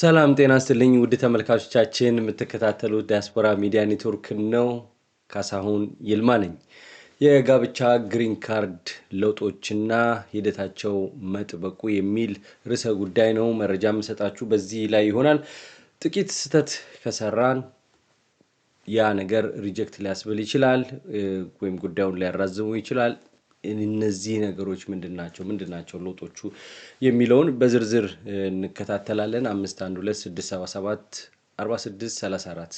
ሰላም ጤና ስትልኝ ውድ ተመልካቾቻችን የምትከታተሉት ዲያስፖራ ሚዲያ ኔትወርክ ነው። ካሳሁን ይልማ ነኝ። የጋብቻ ግሪን ካርድ ለውጦችና ሂደታቸው መጥበቁ የሚል ርዕሰ ጉዳይ ነው መረጃ የምሰጣችሁ በዚህ ላይ ይሆናል። ጥቂት ስህተት ከሰራን ያ ነገር ሪጀክት ሊያስብል ይችላል፣ ወይም ጉዳዩን ሊያራዝሙ ይችላል። እነዚህ ነገሮች ምንድን ናቸው ምንድን ናቸው ለውጦቹ የሚለውን በዝርዝር እንከታተላለን። አምስት አንድ ሁለት ስድስት ሰባ ሰባት አርባ ስድስት ሰላሳ አራት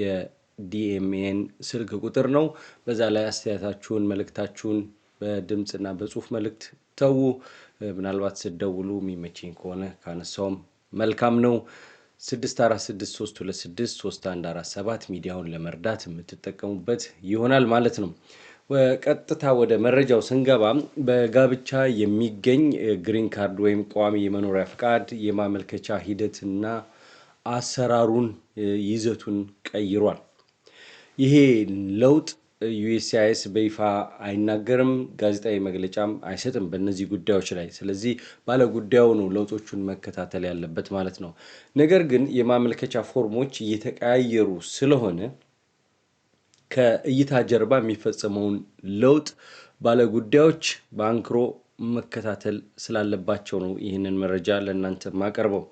የዲኤምኤን ስልክ ቁጥር ነው። በዛ ላይ አስተያየታችሁን መልእክታችሁን በድምፅና በጽሁፍ መልእክት ተዉ። ምናልባት ስደውሉ የሚመቸኝ ከሆነ ካነሳውም መልካም ነው። 6463263147 ሚዲያውን ለመርዳት የምትጠቀሙበት ይሆናል ማለት ነው። ቀጥታ ወደ መረጃው ስንገባ በጋብቻ የሚገኝ ግሪን ካርድ ወይም ቋሚ የመኖሪያ ፍቃድ የማመልከቻ ሂደትና አሰራሩን ይዘቱን ቀይሯል። ይሄ ለውጥ ዩኤስሲአይኤስ በይፋ አይናገርም፣ ጋዜጣዊ መግለጫም አይሰጥም በእነዚህ ጉዳዮች ላይ። ስለዚህ ባለ ጉዳዩ ነው ለውጦቹን መከታተል ያለበት ማለት ነው። ነገር ግን የማመልከቻ ፎርሞች እየተቀያየሩ ስለሆነ ከእይታ ጀርባ የሚፈጸመውን ለውጥ ባለጉዳዮች በአንክሮ መከታተል ስላለባቸው ነው ይህንን መረጃ ለእናንተ ማቀርበው።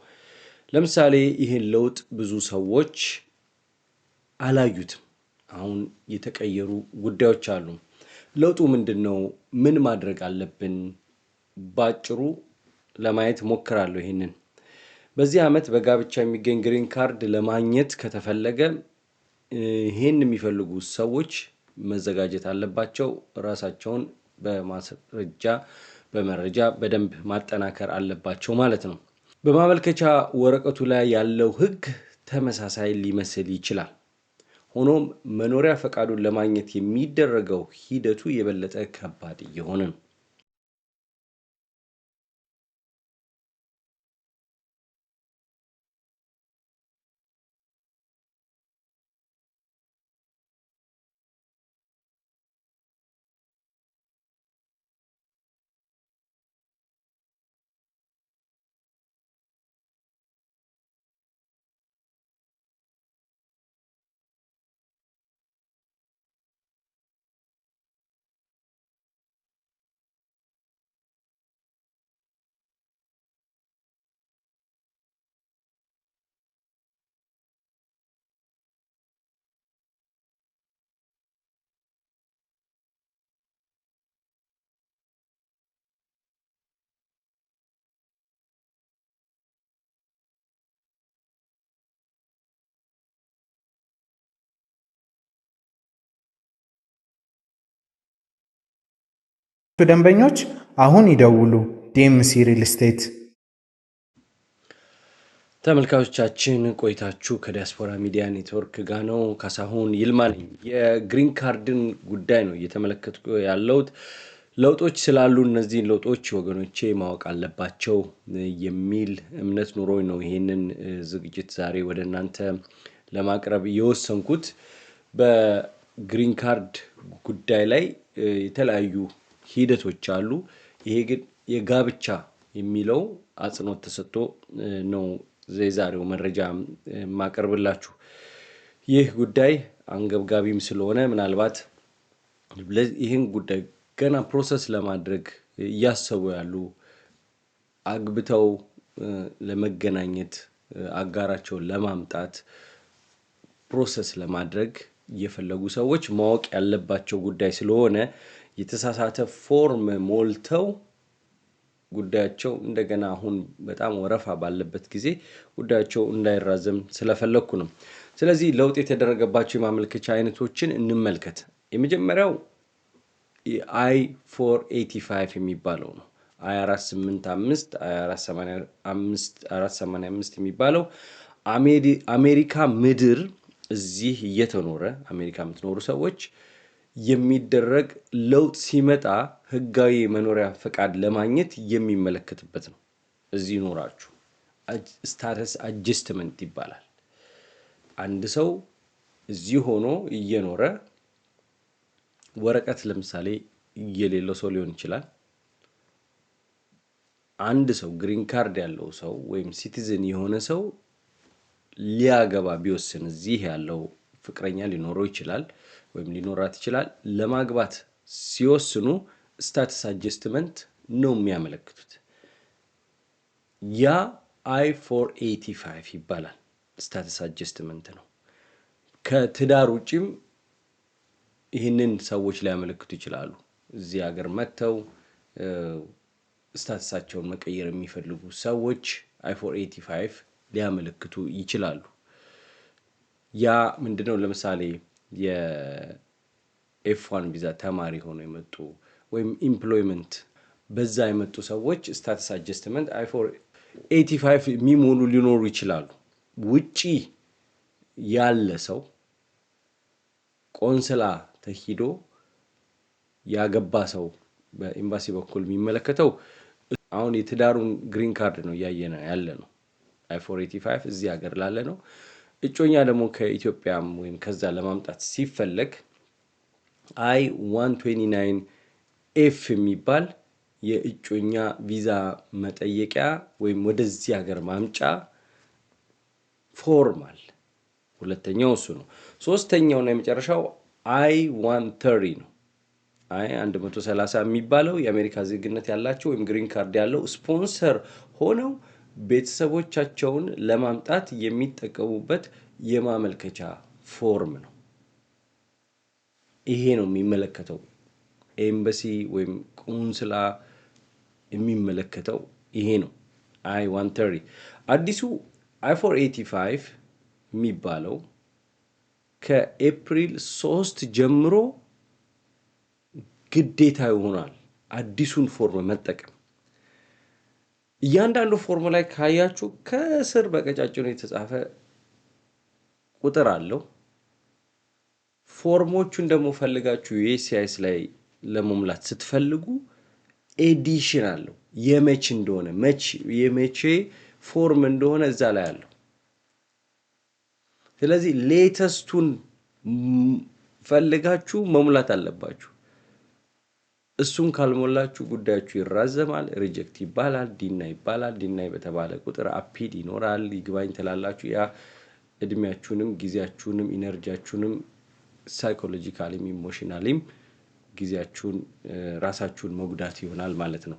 ለምሳሌ ይህን ለውጥ ብዙ ሰዎች አላዩትም። አሁን የተቀየሩ ጉዳዮች አሉ። ለውጡ ምንድን ነው? ምን ማድረግ አለብን? ባጭሩ ለማየት ሞክራለሁ። ይህንን በዚህ ዓመት በጋብቻ የሚገኝ ግሪን ካርድ ለማግኘት ከተፈለገ ይህን የሚፈልጉ ሰዎች መዘጋጀት አለባቸው። ራሳቸውን በማስረጃ በመረጃ በደንብ ማጠናከር አለባቸው ማለት ነው። በማመልከቻ ወረቀቱ ላይ ያለው ሕግ ተመሳሳይ ሊመስል ይችላል። ሆኖም መኖሪያ ፈቃዱን ለማግኘት የሚደረገው ሂደቱ የበለጠ ከባድ እየሆነ ነው። ደንበኞች አሁን ይደውሉ። ዲኤምሲ ሪል ስቴት። ተመልካቾቻችን ቆይታችሁ ከዲያስፖራ ሚዲያ ኔትወርክ ጋር ነው። ካሳሁን ይልማ ነኝ። የግሪን ካርድን ጉዳይ ነው እየተመለከትኩ ያለሁት። ለውጦች ስላሉ እነዚህን ለውጦች ወገኖቼ ማወቅ አለባቸው የሚል እምነት ኑሮኝ ነው ይሄንን ዝግጅት ዛሬ ወደ እናንተ ለማቅረብ የወሰንኩት። በግሪን ካርድ ጉዳይ ላይ የተለያዩ ሂደቶች አሉ። ይሄ ግን የጋብቻ የሚለው አጽንኦት ተሰጥቶ ነው የዛሬው መረጃ የማቀርብላችሁ። ይህ ጉዳይ አንገብጋቢም ስለሆነ ምናልባት ይህን ጉዳይ ገና ፕሮሰስ ለማድረግ እያሰቡ ያሉ አግብተው ለመገናኘት አጋራቸውን ለማምጣት ፕሮሰስ ለማድረግ እየፈለጉ ሰዎች ማወቅ ያለባቸው ጉዳይ ስለሆነ የተሳሳተ ፎርም ሞልተው ጉዳያቸው እንደገና አሁን በጣም ወረፋ ባለበት ጊዜ ጉዳያቸው እንዳይራዘም ስለፈለግኩ ነው። ስለዚህ ለውጥ የተደረገባቸው የማመልከቻ አይነቶችን እንመልከት። የመጀመሪያው አይ 485 የሚባለው ነው። አይ 485 485 የሚባለው አሜሪካ ምድር እዚህ እየተኖረ አሜሪካ የምትኖሩ ሰዎች የሚደረግ ለውጥ ሲመጣ ህጋዊ መኖሪያ ፈቃድ ለማግኘት የሚመለከትበት ነው። እዚህ ኖራችሁ! ስታተስ አጀስትመንት ይባላል። አንድ ሰው እዚህ ሆኖ እየኖረ ወረቀት ለምሳሌ የሌለው ሰው ሊሆን ይችላል። አንድ ሰው ግሪን ካርድ ያለው ሰው ወይም ሲቲዝን የሆነ ሰው ሊያገባ ቢወስን እዚህ ያለው ፍቅረኛ ሊኖረው ይችላል። ወይም ሊኖራት ይችላል። ለማግባት ሲወስኑ ስታትስ አጀስትመንት ነው የሚያመለክቱት። ያ አይ ፎር ኤቲ ይባላል። ስታትስ አጀስትመንት ነው። ከትዳር ውጭም ይህንን ሰዎች ሊያመለክቱ ይችላሉ። እዚህ ሀገር መጥተው ስታትሳቸውን መቀየር የሚፈልጉ ሰዎች አይ ፎር ኤቲ ሊያመለክቱ ይችላሉ። ያ ምንድነው ለምሳሌ የኤፍዋን ቪዛ ተማሪ ሆኖ የመጡ ወይም ኢምፕሎይመንት በዛ የመጡ ሰዎች ስታትስ አጀስትመንት አይ ፎር ኤቲ ፋይቭ የሚሞሉ ሊኖሩ ይችላሉ። ውጪ ያለ ሰው ቆንስላ ተሂዶ ያገባ ሰው በኤምባሲ በኩል የሚመለከተው አሁን የትዳሩን ግሪን ካርድ ነው እያየ ያለ ነው። አይ ፎር ኤቲ ፋይቭ እዚህ ሀገር ላለ ነው። እጮኛ ደግሞ ከኢትዮጵያም ወይም ከዛ ለማምጣት ሲፈለግ አይ 129 ኤፍ የሚባል የእጮኛ ቪዛ መጠየቂያ ወይም ወደዚህ ሀገር ማምጫ ፎርማል። ሁለተኛው እሱ ነው። ሶስተኛው ነው የመጨረሻው አይ 130 ነው። አይ 130 የሚባለው የአሜሪካ ዜግነት ያላቸው ወይም ግሪን ካርድ ያለው ስፖንሰር ሆነው ቤተሰቦቻቸውን ለማምጣት የሚጠቀሙበት የማመልከቻ ፎርም ነው። ይሄ ነው የሚመለከተው ኤምባሲ ወይም ቆንስላ የሚመለከተው ይሄ ነው። አይ ዋን ተሪ አዲሱ አይ ፎር ኤቲ ፋይቭ የሚባለው ከኤፕሪል ሶስት ጀምሮ ግዴታ ይሆናል አዲሱን ፎርም መጠቀም። እያንዳንዱ ፎርም ላይ ካያችሁ ከስር በቀጫጭኑ የተጻፈ ቁጥር አለው። ፎርሞቹን ደግሞ ፈልጋችሁ ዩኤስሲአይኤስ ላይ ለመሙላት ስትፈልጉ ኤዲሽን አለው። የመች እንደሆነ መች የመቼ ፎርም እንደሆነ እዛ ላይ አለው። ስለዚህ ሌተስቱን ፈልጋችሁ መሙላት አለባችሁ። እሱን ካልሞላችሁ ጉዳያችሁ ይራዘማል፣ ሪጀክት ይባላል፣ ዲና ይባላል። ዲናይ በተባለ ቁጥር አፒድ ይኖራል፣ ይግባኝ ትላላችሁ። ያ እድሜያችሁንም ጊዜያችሁንም ኢነርጂያችሁንም ሳይኮሎጂካሊም ኢሞሽናሊም ጊዜያችሁን ራሳችሁን መጉዳት ይሆናል ማለት ነው።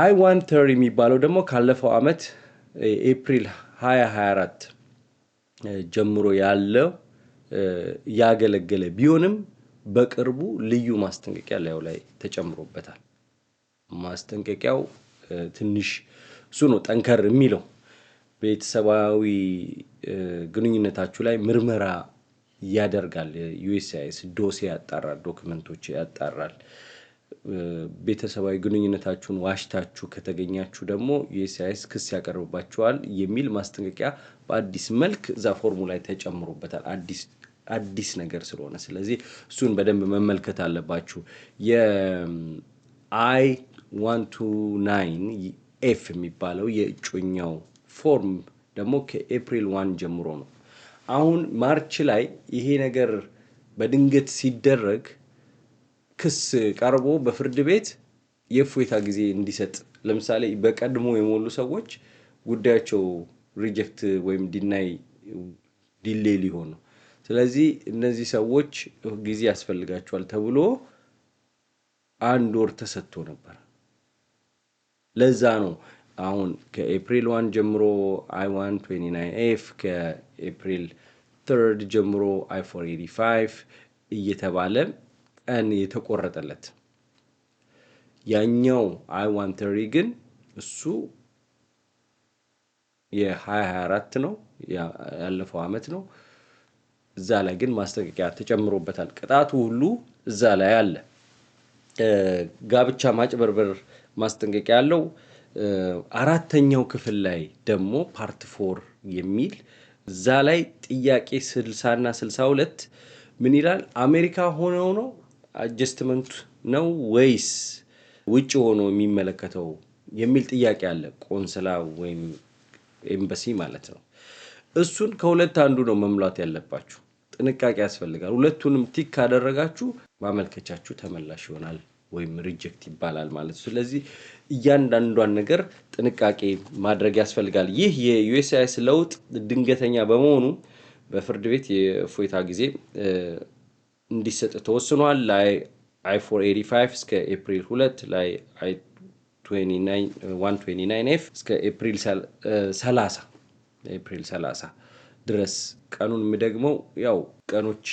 አይ ዋን ተር የሚባለው ደግሞ ካለፈው ዓመት ኤፕሪል 2024 ጀምሮ ያለው ያገለገለ ቢሆንም በቅርቡ ልዩ ማስጠንቀቂያ ላዩ ላይ ተጨምሮበታል። ማስጠንቀቂያው ትንሽ እሱ ነው ጠንከር የሚለው ቤተሰባዊ ግንኙነታችሁ ላይ ምርመራ ያደርጋል። ዩኤስአይኤስ ዶሴ ያጣራል፣ ዶክመንቶች ያጣራል። ቤተሰባዊ ግንኙነታችሁን ዋሽታችሁ ከተገኛችሁ ደግሞ ዩኤስአይኤስ ክስ ያቀርብባችኋል የሚል ማስጠንቀቂያ በአዲስ መልክ እዛ ፎርሙ ላይ ተጨምሮበታል። አዲስ አዲስ ነገር ስለሆነ ስለዚህ እሱን በደንብ መመልከት አለባችሁ። የአይ ዋን ቱ ናይን ኤፍ የሚባለው የእጮኛው ፎርም ደግሞ ከኤፕሪል ዋን ጀምሮ ነው። አሁን ማርች ላይ ይሄ ነገር በድንገት ሲደረግ ክስ ቀርቦ በፍርድ ቤት የእፎይታ ጊዜ እንዲሰጥ ለምሳሌ በቀድሞ የሞሉ ሰዎች ጉዳያቸው ሪጀክት ወይም ዲናይ ዲሌ ሊሆን ነው ስለዚህ እነዚህ ሰዎች ጊዜ ያስፈልጋቸዋል ተብሎ አንድ ወር ተሰጥቶ ነበር። ለዛ ነው አሁን ከኤፕሪል ዋን ጀምሮ አይ ዋን ትዌንቲ ናይን ኤፍ ከኤፕሪል ትርድ ጀምሮ አይ ፎር ፋይቭ እየተባለ ቀን የተቆረጠለት ያኛው አይ ዋን ተሪ ግን እሱ የ2024 ነው ያለፈው ዓመት ነው። እዛ ላይ ግን ማስጠንቀቂያ ተጨምሮበታል። ቅጣቱ ሁሉ እዛ ላይ አለ። ጋብቻ ማጭበርበር ማስጠንቀቂያ አለው። አራተኛው ክፍል ላይ ደግሞ ፓርት ፎር የሚል እዛ ላይ ጥያቄ ስልሳና ስልሳ ሁለት ምን ይላል? አሜሪካ ሆነው ነው አጀስትመንት ነው ወይስ ውጭ ሆኖ የሚመለከተው የሚል ጥያቄ አለ። ቆንስላ ወይም ኤምባሲ ማለት ነው። እሱን ከሁለት አንዱ ነው መሙላት ያለባችሁ። ጥንቃቄ ያስፈልጋል። ሁለቱንም ቲክ ካደረጋችሁ ማመልከቻችሁ ተመላሽ ይሆናል ወይም ሪጀክት ይባላል ማለት ነው። ስለዚህ እያንዳንዷን ነገር ጥንቃቄ ማድረግ ያስፈልጋል። ይህ የዩኤስሲአይኤስ ለውጥ ድንገተኛ በመሆኑ በፍርድ ቤት የእፎይታ ጊዜ እንዲሰጥ ተወስኗል። ላይ አይ485 እስከ ኤፕሪል 2 ላይ 129 ኤፍ እስከ ኤፕሪል 30 ኤፕሪል 30 ድረስ ቀኑን የሚደግመው ያው ቀኖች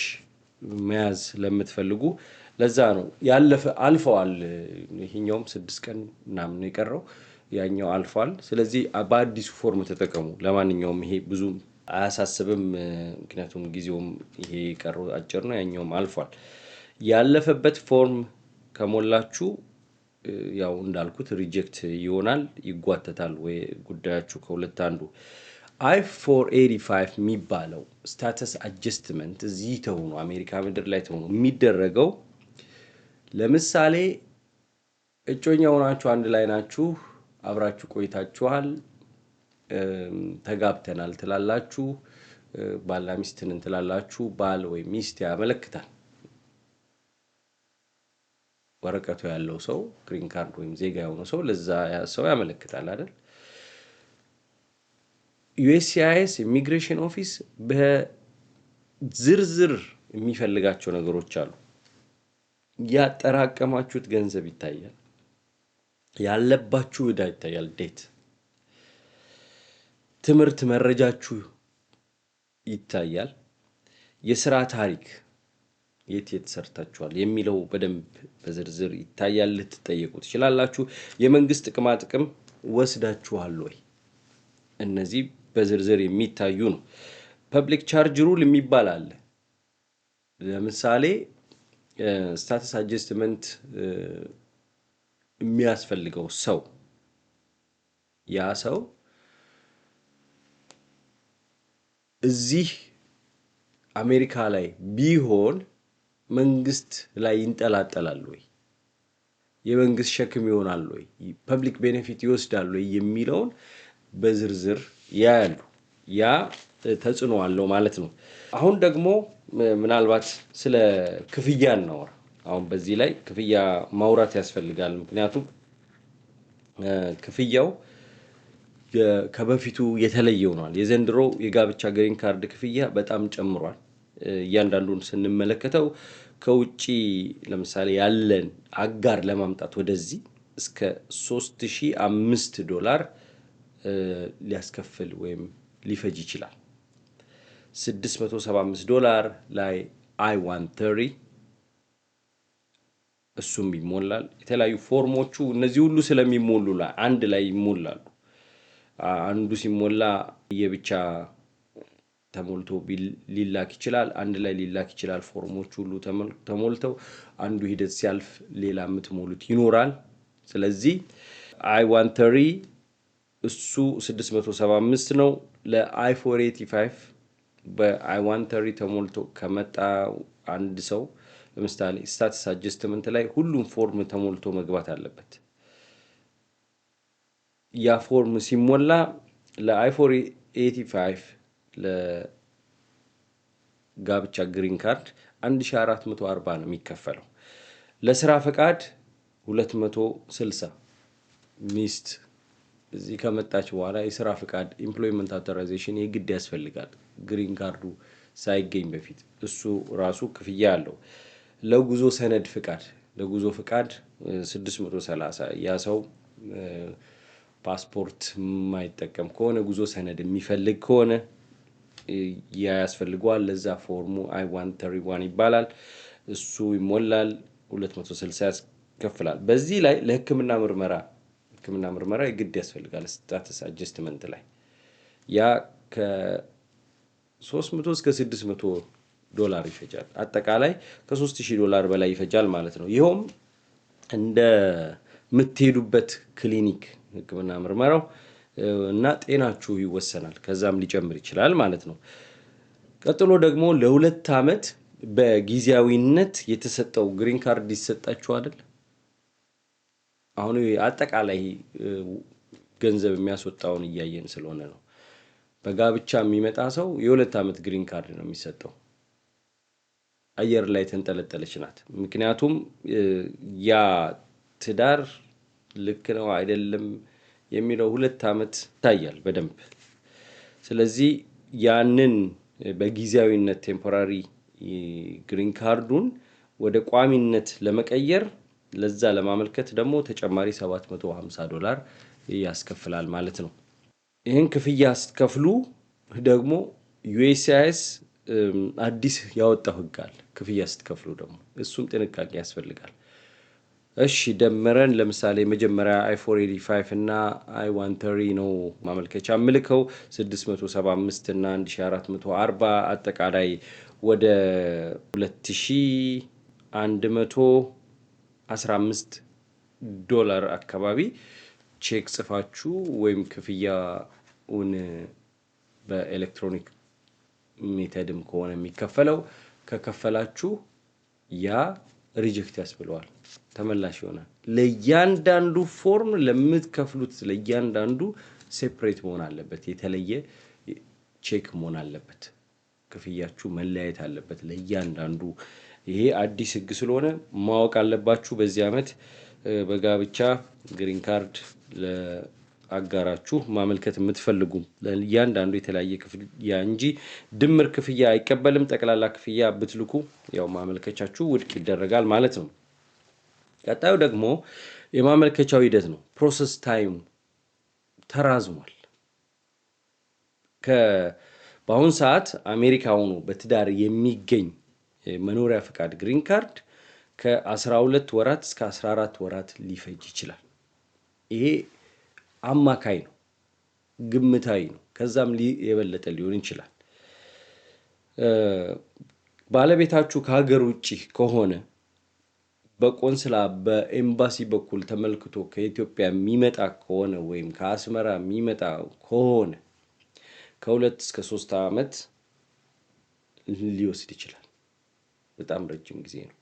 መያዝ ለምትፈልጉ ለዛ ነው ያለፈ አልፈዋል። ይሄኛውም ስድስት ቀን ምናምን የቀረው ያኛው አልፏል። ስለዚህ በአዲሱ ፎርም ተጠቀሙ። ለማንኛውም ይሄ ብዙ አያሳስብም፣ ምክንያቱም ጊዜውም ይሄ የቀረው አጭር ነው፣ ያኛውም አልፏል። ያለፈበት ፎርም ከሞላችሁ ያው እንዳልኩት ሪጀክት ይሆናል፣ ይጓተታል ወይ ጉዳያችሁ ከሁለት አንዱ አይ ፎር የሚባለው ስታተስ አጀስትመንት እዚህ ተሆኑ አሜሪካ ምድር ላይ ተሆኑ የሚደረገው ለምሳሌ እጮኛ ሆናችሁ አንድ ላይ ናችሁ፣ አብራችሁ ቆይታችኋል፣ ተጋብተናል ትላላችሁ፣ ባላ ሚስትንን ትላላችሁ፣ ባል ወይም ሚስት ያመለክታል። ወረቀቱ ያለው ሰው ግሪን ካርድ ወይም ዜጋ የሆነ ሰው ለዛ ሰው ያመለክታል አይደል? ዩኤስሲአይኤስ ኢሚግሬሽን ኦፊስ በዝርዝር የሚፈልጋቸው ነገሮች አሉ። ያጠራቀማችሁት ገንዘብ ይታያል። ያለባችሁ ዕዳ ይታያል። ዴት ትምህርት መረጃችሁ ይታያል። የስራ ታሪክ የት የት ሰርታችኋል የሚለው በደንብ በዝርዝር ይታያል። ልትጠየቁ ትችላላችሁ። የመንግስት ጥቅማ ጥቅም ወስዳችኋል ወይ? እነዚህ በዝርዝር የሚታዩ ነው። ፐብሊክ ቻርጅ ሩል የሚባል አለ። ለምሳሌ ስታትስ አጀስትመንት የሚያስፈልገው ሰው ያ ሰው እዚህ አሜሪካ ላይ ቢሆን መንግስት ላይ ይንጠላጠላል ወይ፣ የመንግስት ሸክም ይሆናል ወይ፣ ፐብሊክ ቤኔፊት ይወስዳል ወይ የሚለውን በዝርዝር ያያሉ። ያ ተጽዕኖ አለው ማለት ነው። አሁን ደግሞ ምናልባት ስለ ክፍያ እናወራ። አሁን በዚህ ላይ ክፍያ ማውራት ያስፈልጋል። ምክንያቱም ክፍያው ከበፊቱ የተለየ ሆኗል። የዘንድሮ የጋብቻ ግሪን ካርድ ክፍያ በጣም ጨምሯል። እያንዳንዱን ስንመለከተው ከውጭ ለምሳሌ ያለን አጋር ለማምጣት ወደዚህ እስከ 3500 ዶላር ሊያስከፍል ወይም ሊፈጅ ይችላል። 675 ዶላር ላይ አይ 130 እሱም ይሞላል። የተለያዩ ፎርሞቹ እነዚህ ሁሉ ስለሚሞሉ ላይ አንድ ላይ ይሞላሉ። አንዱ ሲሞላ የብቻ ተሞልቶ ሊላክ ይችላል። አንድ ላይ ሊላክ ይችላል። ፎርሞች ሁሉ ተሞልተው አንዱ ሂደት ሲያልፍ ሌላ የምትሞሉት ይኖራል። ስለዚህ አይ ዋን ተሪ እሱ 675 ነው። ለአይፎር 485 በአይዋን 130 ተሞልቶ ከመጣ አንድ ሰው ለምሳሌ ስታትስ አጀስትመንት ላይ ሁሉም ፎርም ተሞልቶ መግባት አለበት። ያ ፎርም ሲሞላ ለአይፎር 485 ለጋብቻ ግሪን ካርድ 1440 ነው የሚከፈለው። ለስራ ፈቃድ 260 ሚስት እዚህ ከመጣች በኋላ የስራ ፍቃድ ኢምፕሎይመንት አውቶራይዜሽን የግድ ያስፈልጋል። ግሪን ካርዱ ሳይገኝ በፊት እሱ ራሱ ክፍያ አለው። ለጉዞ ሰነድ ፍቃድ ለጉዞ ፍቃድ 630 ያ ሰው ፓስፖርት የማይጠቀም ከሆነ ጉዞ ሰነድ የሚፈልግ ከሆነ ያ ያስፈልገዋል። ለዛ ፎርሙ አይ ዋን ተሪ ዋን ይባላል። እሱ ይሞላል፣ 260 ያስከፍላል። በዚህ ላይ ለህክምና ምርመራ ህክምና ምርመራ የግድ ያስፈልጋል። ስታትስ አጀስትመንት ላይ ያ ከ300 እስከ 600 ዶላር ይፈጃል። አጠቃላይ ከ3000 ዶላር በላይ ይፈጃል ማለት ነው። ይኸውም እንደ ምትሄዱበት ክሊኒክ ህክምና ምርመራው እና ጤናችሁ ይወሰናል። ከዛም ሊጨምር ይችላል ማለት ነው። ቀጥሎ ደግሞ ለሁለት ዓመት በጊዜያዊነት የተሰጠው ግሪን ካርድ ይሰጣችሁ አይደል? አሁን አጠቃላይ ገንዘብ የሚያስወጣውን እያየን ስለሆነ ነው። በጋብቻ የሚመጣ ሰው የሁለት ዓመት ግሪን ካርድ ነው የሚሰጠው። አየር ላይ ተንጠለጠለች ናት። ምክንያቱም ያ ትዳር ልክ ነው አይደለም የሚለው ሁለት ዓመት ይታያል በደንብ። ስለዚህ ያንን በጊዜያዊነት ቴምፖራሪ ግሪን ካርዱን ወደ ቋሚነት ለመቀየር ለዛ ለማመልከት ደግሞ ተጨማሪ 750 ዶላር ያስከፍላል ማለት ነው። ይህን ክፍያ ስትከፍሉ ደግሞ ዩኤስሲአይኤስ አዲስ ያወጣው ህግ አለ። ክፍያ ስትከፍሉ ደግሞ እሱም ጥንቃቄ ያስፈልጋል። እሺ ደምረን ለምሳሌ መጀመሪያ አይፎር 85 እና አይዋንተሪ ነው ማመልከቻ ምልከው 675 እና 1440 አጠቃላይ ወደ 2100 15 ዶላር አካባቢ ቼክ ጽፋችሁ ወይም ክፍያውን በኤሌክትሮኒክ ሜተድም ከሆነ የሚከፈለው ከከፈላችሁ ያ ሪጀክት ያስብለዋል፣ ተመላሽ ይሆናል። ለእያንዳንዱ ፎርም ለምትከፍሉት ለእያንዳንዱ ሴፕሬት መሆን አለበት፣ የተለየ ቼክ መሆን አለበት። ክፍያችሁ መለያየት አለበት ለእያንዳንዱ ይሄ አዲስ ህግ ስለሆነ ማወቅ አለባችሁ። በዚህ ዓመት በጋብቻ ግሪን ካርድ ለአጋራችሁ ማመልከት የምትፈልጉ እያንዳንዱ የተለያየ ክፍያ እንጂ ድምር ክፍያ አይቀበልም። ጠቅላላ ክፍያ ብትልኩ ያው ማመልከቻችሁ ውድቅ ይደረጋል ማለት ነው። ቀጣዩ ደግሞ የማመልከቻው ሂደት ነው። ፕሮሰስ ታይሙ ተራዝሟል። በአሁን ሰዓት አሜሪካ ሆኖ በትዳር የሚገኝ የመኖሪያ ፈቃድ ግሪን ካርድ ከ12 ወራት እስከ 14 ወራት ሊፈጅ ይችላል። ይሄ አማካይ ነው፣ ግምታዊ ነው። ከዛም የበለጠ ሊሆን ይችላል። ባለቤታችሁ ከሀገር ውጭ ከሆነ በቆንስላ በኤምባሲ በኩል ተመልክቶ ከኢትዮጵያ የሚመጣ ከሆነ ወይም ከአስመራ የሚመጣ ከሆነ ከሁለት እስከ ሶስት ዓመት ሊወስድ ይችላል። በጣም ረጅም ጊዜ ነው።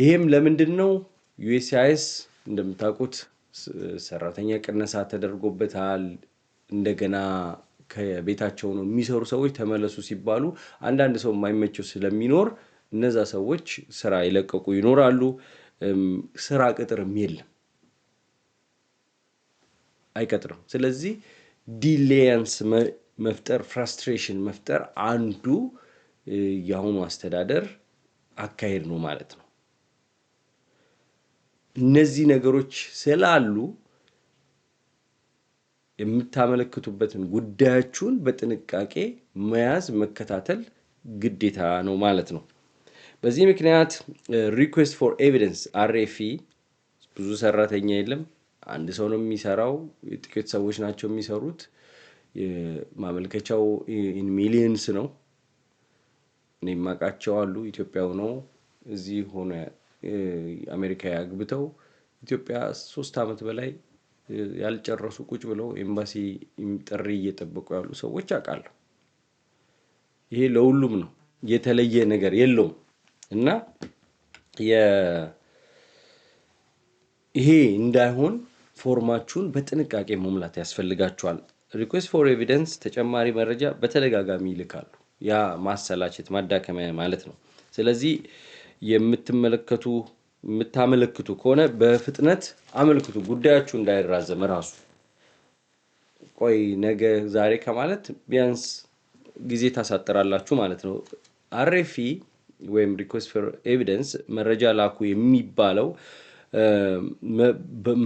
ይሄም ለምንድን ነው? ዩኤስሲአይኤስ እንደምታውቁት ሰራተኛ ቅነሳ ተደርጎበታል። እንደገና ከቤታቸው ነው የሚሰሩ ሰዎች ተመለሱ ሲባሉ አንዳንድ ሰው የማይመቸው ስለሚኖር እነዛ ሰዎች ስራ የለቀቁ ይኖራሉ። ስራ ቅጥርም የለም አይቀጥርም። ስለዚህ ዲሌያንስ መፍጠር፣ ፍራስትሬሽን መፍጠር አንዱ የአሁኑ አስተዳደር አካሄድ ነው ማለት ነው። እነዚህ ነገሮች ስላሉ የምታመለክቱበትን ጉዳያችሁን በጥንቃቄ መያዝ መከታተል ግዴታ ነው ማለት ነው። በዚህ ምክንያት ሪኩዌስት ፎር ኤቪደንስ አርኤፊ ብዙ ሰራተኛ የለም፣ አንድ ሰው ነው የሚሰራው፣ ጥቂት ሰዎች ናቸው የሚሰሩት። ማመልከቻው ኢን ሚሊየንስ ነው። እኔ የማውቃቸው አሉ ኢትዮጵያ ሆኖ እዚህ ሆነ አሜሪካ አግብተው ኢትዮጵያ ሶስት አመት በላይ ያልጨረሱ ቁጭ ብለው ኤምባሲ ጥሪ እየጠበቁ ያሉ ሰዎች አውቃለሁ። ይሄ ለሁሉም ነው፣ የተለየ ነገር የለውም እና ይሄ እንዳይሆን ፎርማችሁን በጥንቃቄ መሙላት ያስፈልጋችኋል። ሪኩዌስት ፎር ኤቪደንስ ተጨማሪ መረጃ በተደጋጋሚ ይልካሉ። ያ ማሰላቸት ማዳከሚያ ማለት ነው። ስለዚህ የምትመለከቱ የምታመለክቱ ከሆነ በፍጥነት አመልክቱ። ጉዳያችሁ እንዳይራዘም ራሱ ቆይ ነገ ዛሬ ከማለት ቢያንስ ጊዜ ታሳጥራላችሁ ማለት ነው። አሬፊ ወይም ሪኩዌስት ፎር ኤቪደንስ መረጃ ላኩ የሚባለው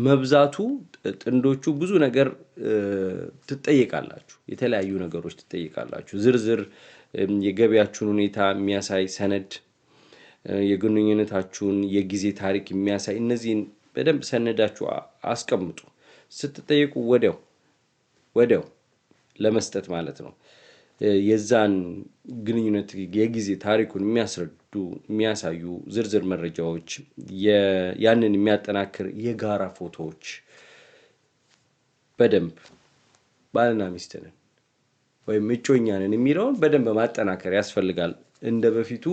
መብዛቱ ጥንዶቹ ብዙ ነገር ትጠይቃላችሁ፣ የተለያዩ ነገሮች ትጠይቃላችሁ ዝርዝር የገበያችሁን ሁኔታ የሚያሳይ ሰነድ፣ የግንኙነታችሁን የጊዜ ታሪክ የሚያሳይ እነዚህን በደንብ ሰነዳችሁ አስቀምጡ። ስትጠየቁ ወዲያው ወዲያው ለመስጠት ማለት ነው። የዛን ግንኙነት የጊዜ ታሪኩን የሚያስረዱ የሚያሳዩ ዝርዝር መረጃዎች፣ ያንን የሚያጠናክር የጋራ ፎቶዎች በደንብ ባልና ሚስት ነን ወይም እጮኛንን የሚለውን በደንብ ማጠናከር ያስፈልጋል። እንደ በፊቱ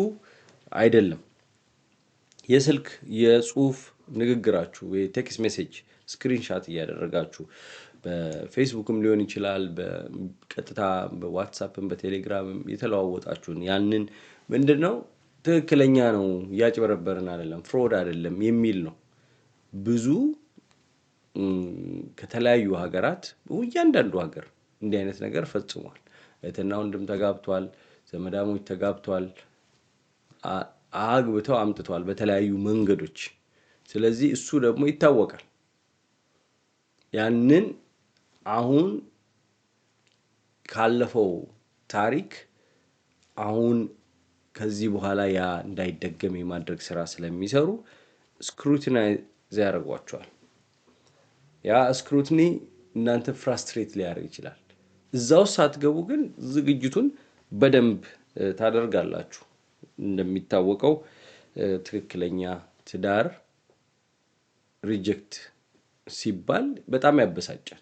አይደለም። የስልክ የጽሁፍ ንግግራችሁ ቴክስት ሜሴጅ ስክሪንሻት እያደረጋችሁ በፌስቡክም ሊሆን ይችላል። በቀጥታ በዋትሳፕም በቴሌግራምም የተለዋወጣችሁን ያንን ምንድን ነው ትክክለኛ ነው እያጭበረበርን አይደለም፣ ፍሮድ አይደለም የሚል ነው። ብዙ ከተለያዩ ሀገራት እያንዳንዱ ሀገር እንዲህ አይነት ነገር ፈጽሟል። እህትና ወንድም ተጋብቷል፣ ዘመዳሞች ተጋብቷል፣ አግብተው አምጥቷል በተለያዩ መንገዶች። ስለዚህ እሱ ደግሞ ይታወቃል። ያንን አሁን ካለፈው ታሪክ አሁን ከዚህ በኋላ ያ እንዳይደገም የማድረግ ስራ ስለሚሰሩ ስክሩቲናይዝ ያደርጓቸዋል። ያ ስክሩቲኒ እናንተ ፍራስትሬት ሊያደርግ ይችላል። እዛው ሳትገቡ ግን ዝግጅቱን በደንብ ታደርጋላችሁ። እንደሚታወቀው ትክክለኛ ትዳር ሪጀክት ሲባል በጣም ያበሳጫል።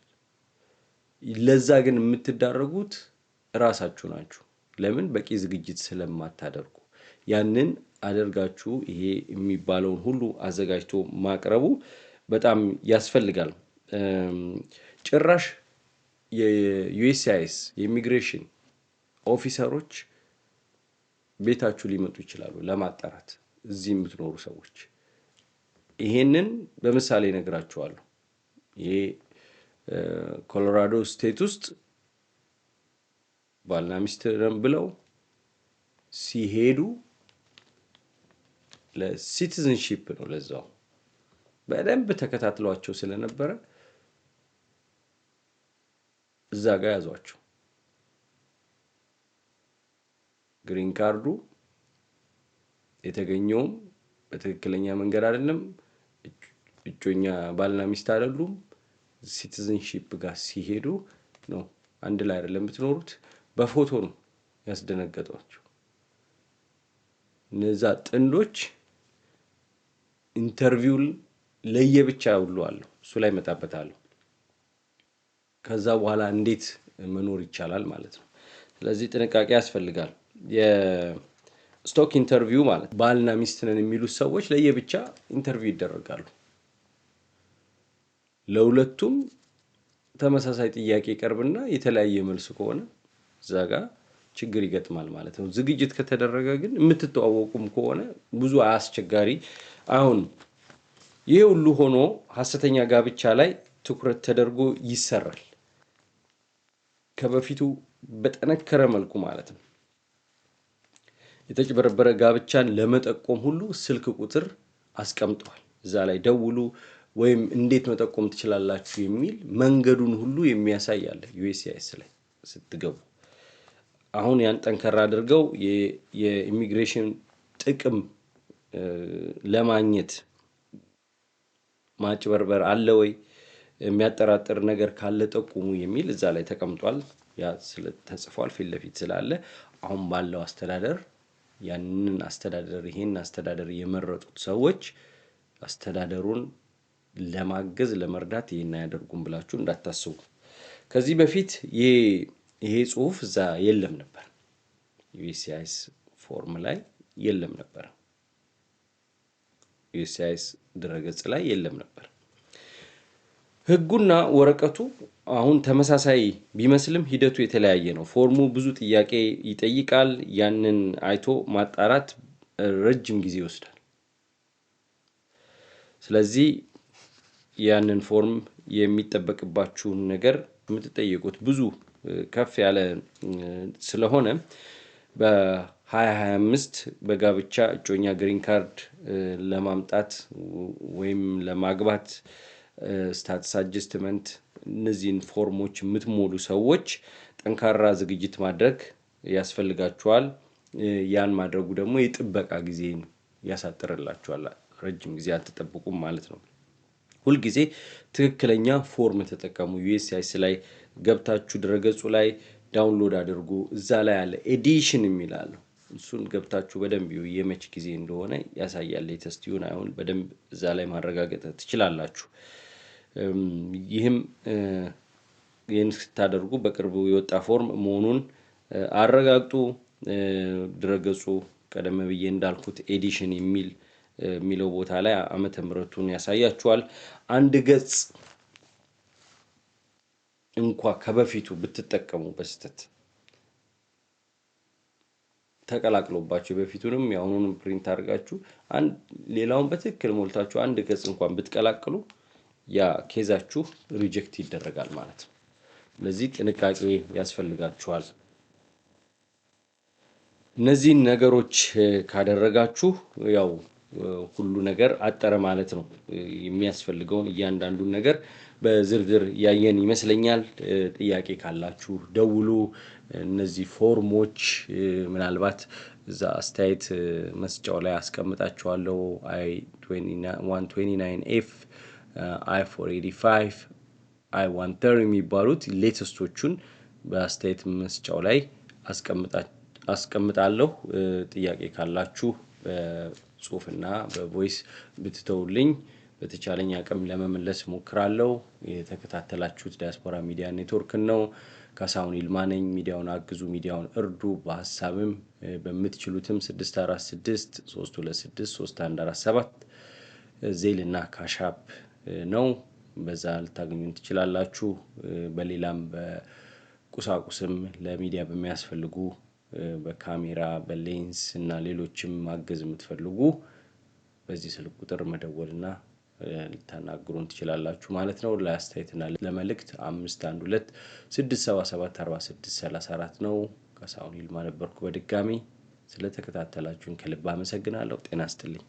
ለዛ ግን የምትዳረጉት እራሳችሁ ናችሁ። ለምን? በቂ ዝግጅት ስለማታደርጉ ያንን አደርጋችሁ ይሄ የሚባለውን ሁሉ አዘጋጅቶ ማቅረቡ በጣም ያስፈልጋል። ጭራሽ የዩኤስሲአይኤስ የኢሚግሬሽን ኦፊሰሮች ቤታችሁ ሊመጡ ይችላሉ ለማጣራት እዚህ የምትኖሩ ሰዎች። ይሄንን በምሳሌ እነግራችኋለሁ። ይሄ ኮሎራዶ ስቴት ውስጥ ባልና ሚስት ብለው ሲሄዱ ለሲቲዝንሺፕ ነው ለዛው በደንብ ተከታትሏቸው ስለነበረ እዛ ጋር ያዟቸው። ግሪን ካርዱ የተገኘውም በትክክለኛ መንገድ አይደለም። እጮኛ ባልና ሚስት አይደሉም። ሲቲዝንሺፕ ጋር ሲሄዱ ነው አንድ ላይ አይደለም የምትኖሩት። በፎቶ ነው ያስደነገጧቸው። እነዛ ጥንዶች ኢንተርቪው ለየብቻ ውሎ አለሁ እሱ ላይ እመጣበታለሁ። ከዛ በኋላ እንዴት መኖር ይቻላል ማለት ነው። ስለዚህ ጥንቃቄ ያስፈልጋል። የስቶክ ኢንተርቪው ማለት ባልና ሚስት የሚሉት ሰዎች ለየብቻ ኢንተርቪው ይደረጋሉ። ለሁለቱም ተመሳሳይ ጥያቄ ቀርብና የተለያየ መልስ ከሆነ እዛ ጋ ችግር ይገጥማል ማለት ነው። ዝግጅት ከተደረገ ግን የምትተዋወቁም ከሆነ ብዙ አስቸጋሪ አሁን ይሄ ሁሉ ሆኖ ሀሰተኛ ጋብቻ ላይ ትኩረት ተደርጎ ይሰራል። ከበፊቱ በጠነከረ መልኩ ማለት ነው የተጭበረበረ ጋብቻን ለመጠቆም ሁሉ ስልክ ቁጥር አስቀምጠዋል። እዛ ላይ ደውሉ ወይም እንዴት መጠቆም ትችላላችሁ የሚል መንገዱን ሁሉ የሚያሳይ አለ። ዩኤስሲአይኤስ ላይ ስትገቡ አሁን ያን ጠንከራ አድርገው የኢሚግሬሽን ጥቅም ለማግኘት ማጭበርበር አለ ወይ የሚያጠራጥር ነገር ካለ ጠቁሙ የሚል እዛ ላይ ተቀምጧል። ያ ተጽፏል ፊት ለፊት ስላለ አሁን ባለው አስተዳደር ያንን አስተዳደር ይሄን አስተዳደር የመረጡት ሰዎች አስተዳደሩን ለማገዝ ለመርዳት ይሄን አያደርጉም ብላችሁ እንዳታስቡ። ከዚህ በፊት ይሄ ጽሁፍ እዛ የለም ነበር፣ ዩኤስሲአይኤስ ፎርም ላይ የለም ነበር፣ ዩኤስሲአይኤስ ድረገጽ ላይ የለም ነበር። ህጉና ወረቀቱ አሁን ተመሳሳይ ቢመስልም ሂደቱ የተለያየ ነው። ፎርሙ ብዙ ጥያቄ ይጠይቃል። ያንን አይቶ ማጣራት ረጅም ጊዜ ይወስዳል። ስለዚህ ያንን ፎርም የሚጠበቅባችሁን ነገር የምትጠየቁት ብዙ ከፍ ያለ ስለሆነ በ2025 በጋብቻ እጮኛ ግሪን ካርድ ለማምጣት ወይም ለማግባት ስታትስ አጀስትመንት፣ እነዚህን ፎርሞች የምትሞሉ ሰዎች ጠንካራ ዝግጅት ማድረግ ያስፈልጋችኋል። ያን ማድረጉ ደግሞ የጥበቃ ጊዜን ያሳጥርላችኋል። ረጅም ጊዜ አትጠብቁም ማለት ነው። ሁልጊዜ ትክክለኛ ፎርም ተጠቀሙ። ዩኤስሲአይኤስ ላይ ገብታችሁ ድረገጹ ላይ ዳውንሎድ አድርጉ። እዛ ላይ ያለ ኤዲሽን የሚላሉ እሱን ገብታችሁ በደንብ የመች ጊዜ እንደሆነ ያሳያል። ቴስት ይሁን አይሁን በደንብ እዛ ላይ ማረጋገጥ ትችላላችሁ። ይህም ይህን ስታደርጉ በቅርቡ የወጣ ፎርም መሆኑን አረጋግጡ። ድረገጹ ቀደም ብዬ እንዳልኩት ኤዲሽን የሚል የሚለው ቦታ ላይ ዓመተ ምሕረቱን ያሳያችኋል። አንድ ገጽ እንኳ ከበፊቱ ብትጠቀሙ በስተት ተቀላቅሎባችሁ የበፊቱንም የአሁኑንም ፕሪንት አድርጋችሁ ሌላውን በትክክል ሞልታችሁ አንድ ገጽ እንኳን ብትቀላቅሉ ያ ኬዛችሁ ሪጀክት ይደረጋል ማለት ነው። ስለዚህ ጥንቃቄ ያስፈልጋችኋል። እነዚህን ነገሮች ካደረጋችሁ ያው ሁሉ ነገር አጠረ ማለት ነው። የሚያስፈልገውን እያንዳንዱን ነገር በዝርዝር ያየን ይመስለኛል። ጥያቄ ካላችሁ ደውሉ። እነዚህ ፎርሞች ምናልባት እዛ አስተያየት መስጫው ላይ አስቀምጣቸዋለሁ አይ ዋን ኤፍ አይ ፎር ኤዲ ፋይቭ አይ ዋን ተር የሚባሉት ሌተስቶቹን በአስተያየት መስጫው ላይ አስቀምጣለሁ። ጥያቄ ካላችሁ በጽሁፍና በቮይስ ብትተውልኝ በተቻለኝ አቅም ለመመለስ ሞክራለሁ። የተከታተላችሁት ዲያስፖራ ሚዲያ ኔትወርክን ነው። ካሳሁን ይልማ ነኝ። ሚዲያውን አግዙ፣ ሚዲያውን እርዱ። በሀሳብም በምትችሉትም 646 326 3147 ዜልና ካሻፕ ነው። በዛ ልታገኙን ትችላላችሁ። በሌላም በቁሳቁስም ለሚዲያ በሚያስፈልጉ በካሜራ በሌንስ እና ሌሎችም ማገዝ የምትፈልጉ በዚህ ስልክ ቁጥር መደወልና ልታናግሩን ትችላላችሁ ማለት ነው። ለአስተያየትና ለመልእክት አምስት አንድ ሁለት ስድስት ሰባ ሰባት አርባ ስድስት ሰላሳ አራት ነው። ካሳሁን ይልማ ነበርኩ። በድጋሚ ስለተከታተላችሁን ከልብ አመሰግናለሁ። ጤና አስጥልኝ።